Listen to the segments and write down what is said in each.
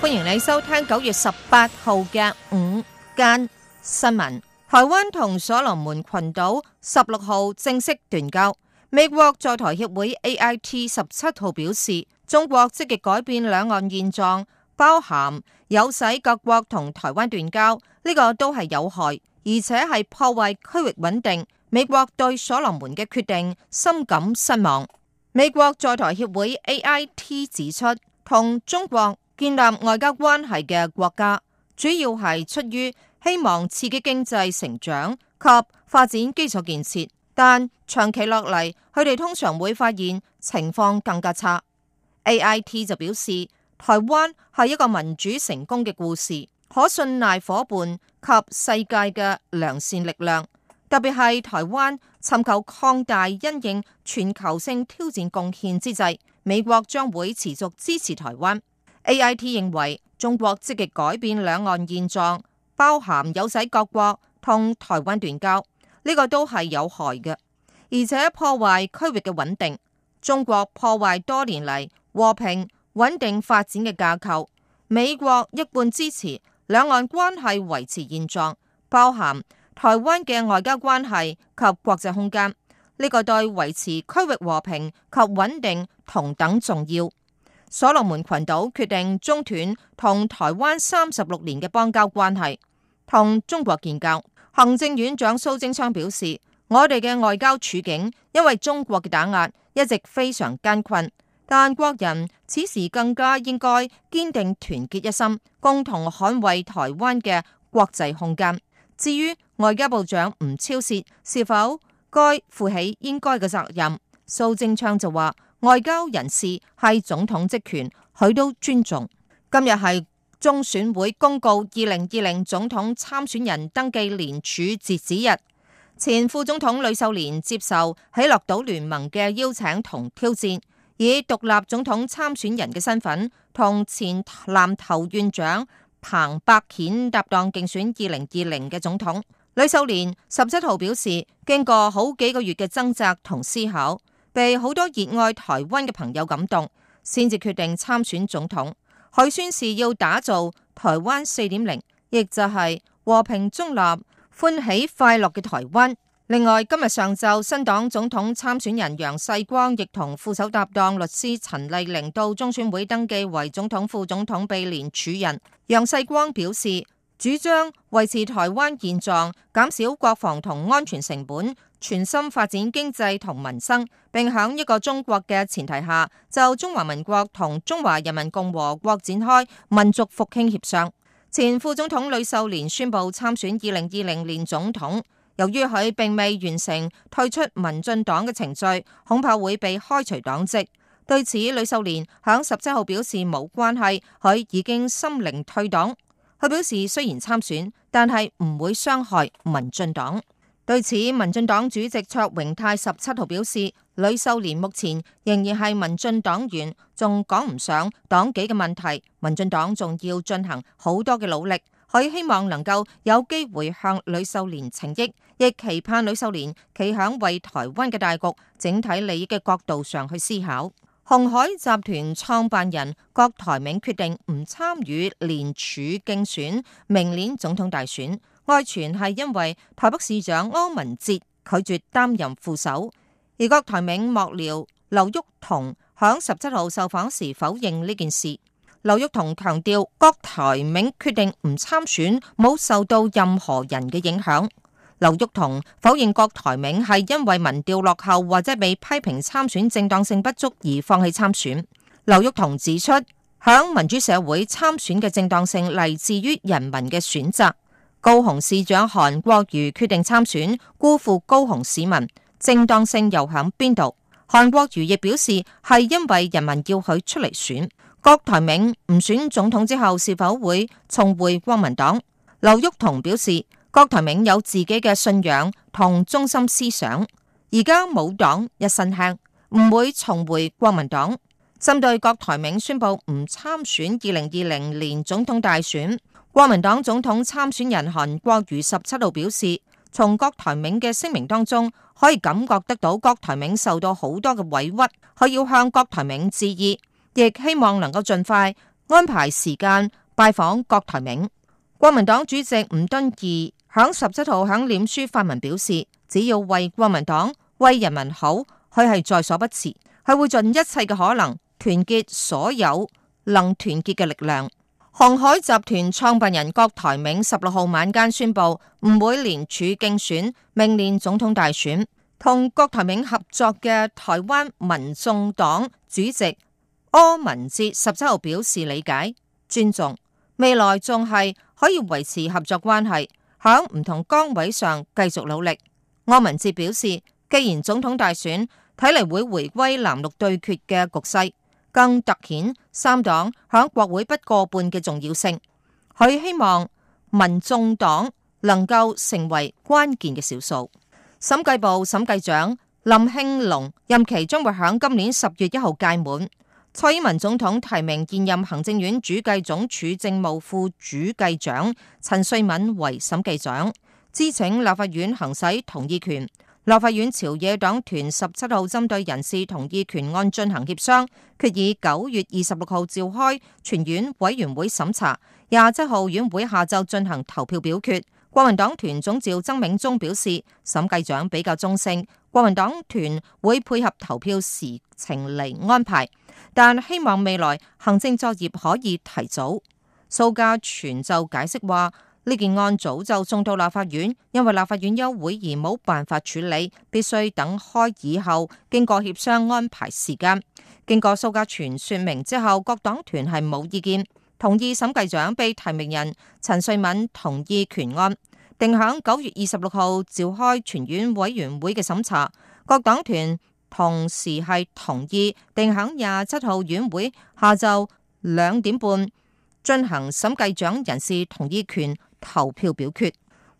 歡迎你收聽九月十八號嘅午間新聞。台灣同所羅門群島十六號正式斷交。美國在台協會 A I T 十七號表示，中國積極改變兩岸現狀，包含有使各國同台灣斷交呢個都係有害，而且係破壞區域穩定。美國對所羅門嘅決定深感失望。美國在台協會 A I T 指出，同中國建立外交關係嘅國家，主要係出於希望刺激經濟成長及發展基礎建設。但長期落嚟，佢哋通常會發現情況更加差。AIT 就表示，台灣係一個民主成功嘅故事，可信賴伙伴及世界嘅良善力量。特別係台灣尋求擴大因應全球性挑戰貢獻之際，美國將會持續支持台灣。AIT 認為中國積極改變兩岸現狀，包含有使各國同台灣斷交，呢個都係有害嘅，而且破壞區域嘅穩定。中國破壞多年嚟和平穩定發展嘅架構。美國一貫支持兩岸關係維持現狀，包含台灣嘅外交關係及國際空間，呢個對維持區域和平及穩定同等重要。所羅門群島決定中斷同台灣三十六年嘅邦交關係，同中國建交。行政院長蘇貞昌表示，我哋嘅外交處境因為中國嘅打壓一直非常艱困，但國人此時更加應該堅定團結一心，共同捍衛台灣嘅國際空間。至於外交部長吳釗燮是否該負起應該嘅責任，蘇貞昌就話。外交人士係總統職權，佢都尊重。今日係中選會公告二零二零總統參選人登記連署截止日。前副總統呂秀蓮接受喺喜樂島聯盟嘅邀請同挑戰，以獨立總統參選人嘅身份同前南投院長彭百顯搭檔競選二零二零嘅總統。呂秀蓮十七號表示，經過好幾個月嘅掙扎同思考，被好多熱愛台灣嘅朋友感動，先至決定參選總統。佢宣示要打造台灣4.0，亦就係和平中立、歡喜快樂嘅台灣。另外，今日上晝，新黨總統參選人楊世光亦同副手搭檔律師陳麗玲到中選會登記為總統副總統被連署人。楊世光表示，主張維持台灣現狀，減少國防同安全成本。全心發展經濟同民生，並喺一個中國嘅前提下，就中華民國同中華人民共和國展開民族復興協商。前副總統呂秀蓮宣布參選二零二零年總統，由於佢並未完成退出民進黨嘅程序，恐怕會被開除黨籍。對此，呂秀蓮喺十七號表示冇關係，佢已經心靈退黨。佢表示雖然參選，但係唔會傷害民進黨。對此，民進黨主席卓榮泰十七號表示，呂秀蓮目前仍然係民進黨員，仲講唔上黨紀嘅問題。民進黨仲要進行好多嘅努力，佢希望能夠有機會向呂秀蓮請益，亦期盼呂秀蓮企喺為台灣嘅大局、整體利益嘅角度上去思考。鴻海集團創辦人郭台銘決定唔參與連署競選，明年總統大選。外傳係因為台北市長柯文哲拒，拒絕擔任副手，而郭台銘幕僚劉宥彤響十七號受訪時否認呢件事。劉宥彤強調，郭台銘決定唔參選，冇受到任何人嘅影響。劉宥彤否認郭台銘係因為民調落後或者被批評參選正當性不足而放棄參選。劉宥彤指出，響民主社會參選嘅正當性嚟自於人民嘅選擇。高雄市長韓國瑜決定參選，辜負高雄市民正當性又喺邊度？韓國瑜亦表示係因為人民要佢出嚟選。郭台銘唔選總統之後，是否會重回國民黨？劉宥彤表示，郭台銘有自己嘅信仰同中心思想，而家冇黨一身輕，唔會重回國民黨。針對郭台銘宣布唔參選二零二零年總統大選。國民黨總統參選人韓國瑜十七號表示，從郭台銘嘅聲明當中可以感覺得到郭台銘受到好多嘅委屈，佢要向郭台銘致意，亦希望能夠盡快安排時間拜訪郭台銘。國民黨主席吳敦義響十七號響臉書發文表示，只要為國民黨、為人民好，佢係在所不辭，佢會盡一切嘅可能團結所有能團結嘅力量。鴻海集團創辦人郭台銘十六號晚間宣布唔會連署競選明年總統大選。同郭台銘合作嘅台灣民眾黨主席柯文哲十七號表示理解尊重，未來仲係可以維持合作關係，響唔同崗位上繼續努力。柯文哲表示，既然總統大選睇嚟會回歸藍綠對決嘅局勢。更突顯三黨響國會不過半嘅重要性，佢希望民眾黨能夠成為關鍵嘅少數。審計部審計長林慶龍任期將會響今年十月一號屆滿，蔡英文總統提名現任行政院主計總處政務副主計長陳瑞敏為審計長，咨請立法院行使同意權。立法院朝野黨團十七號針對人事同意權案進行協商，決議九月二十六號召開全院委員會審查，廿七號院會下晝進行投票表決。國民黨團總召曾銘忠表示，審計長比較中性，國民黨團會配合投票時程嚟安排，但希望未來行政作業可以提早。蘇家全就解釋話。呢件案早就送到立法院，因為立法院休會而冇辦法處理，必須等開議後，經過協商安排時間。經過蘇嘉全說明之後，各黨團係冇意見，同意審計長被提名人陳瑞敏同意權案，定響九月二十六號召開全院委員會嘅審查。各黨團同時係同意定響廿七號院會下晝兩點半進行審計長人事同意權。投票表決，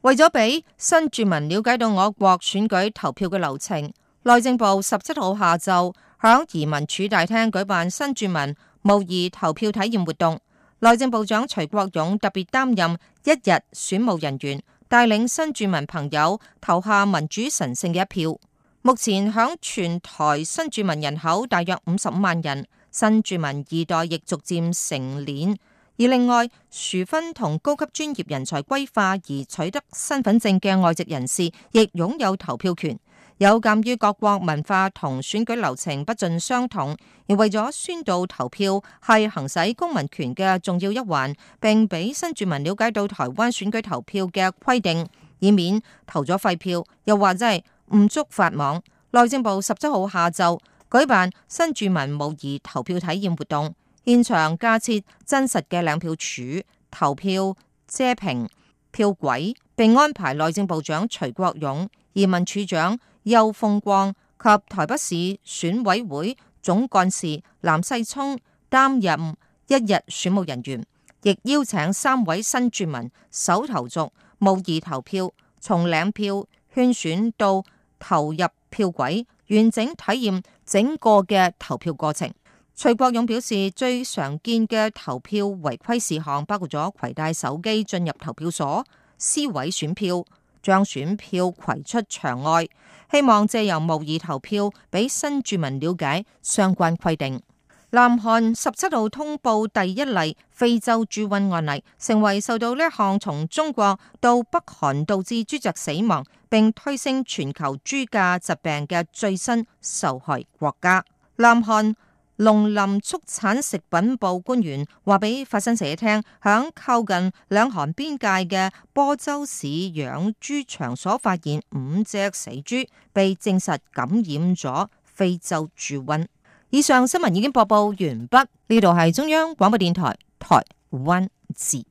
為咗俾新住民了解到我國選舉投票嘅流程，內政部十七號下晝響移民署大廳舉辦新住民模擬投票體驗活動。內政部長徐國勇特別擔任一日選務人員，帶領新住民朋友投下民主神聖嘅一票。目前響全台新住民人口大約五十五萬人，新住民二代亦逐漸成年。而另外，殊勳同高級專業人才歸化而取得身份證嘅外籍人士，亦擁有投票權。有鑑於各國文化同選舉流程不盡相同，而為咗宣導投票係行使公民權嘅重要一環，並俾新住民了解到台灣選舉投票嘅規定，以免投咗廢票，又或者係誤觸法網。內政部十七號下晝舉辦新住民模擬投票體驗活動。現場架設真實嘅領票處、投票遮屏、票匭，並安排內政部長徐國勇、移民署長邱豐光及台北市選委會總幹事藍世聰擔任一日選務人員，亦邀請三位新住民首投族，模擬投票，從領票、圈選到投入票匭，完整體驗整個嘅投票過程。徐國勇表示，最常見嘅投票違規事項包括咗携帶手機進入投票所、撕毀選票、將選票携出場外。希望借由模擬投票，俾新住民了解相關規定。南韓十七號通報第一例非洲豬瘟案例，成為受到呢一項從中國到北韓導致豬隻死亡，並推升全球豬價疾病嘅最新受害國家。南韓。農林畜產食品部官員話俾法新社聽，響靠近兩韓邊界嘅波州市養豬場所發現五隻死豬，被證實感染咗非洲豬瘟。以上新聞已經播報完畢，呢度係中央廣播電台台灣字。